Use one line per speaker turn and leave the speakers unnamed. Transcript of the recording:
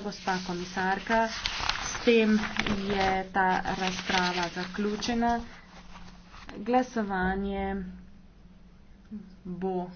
gospa komisarka. S tem je ta razprava zaključena. Glasovanje bo.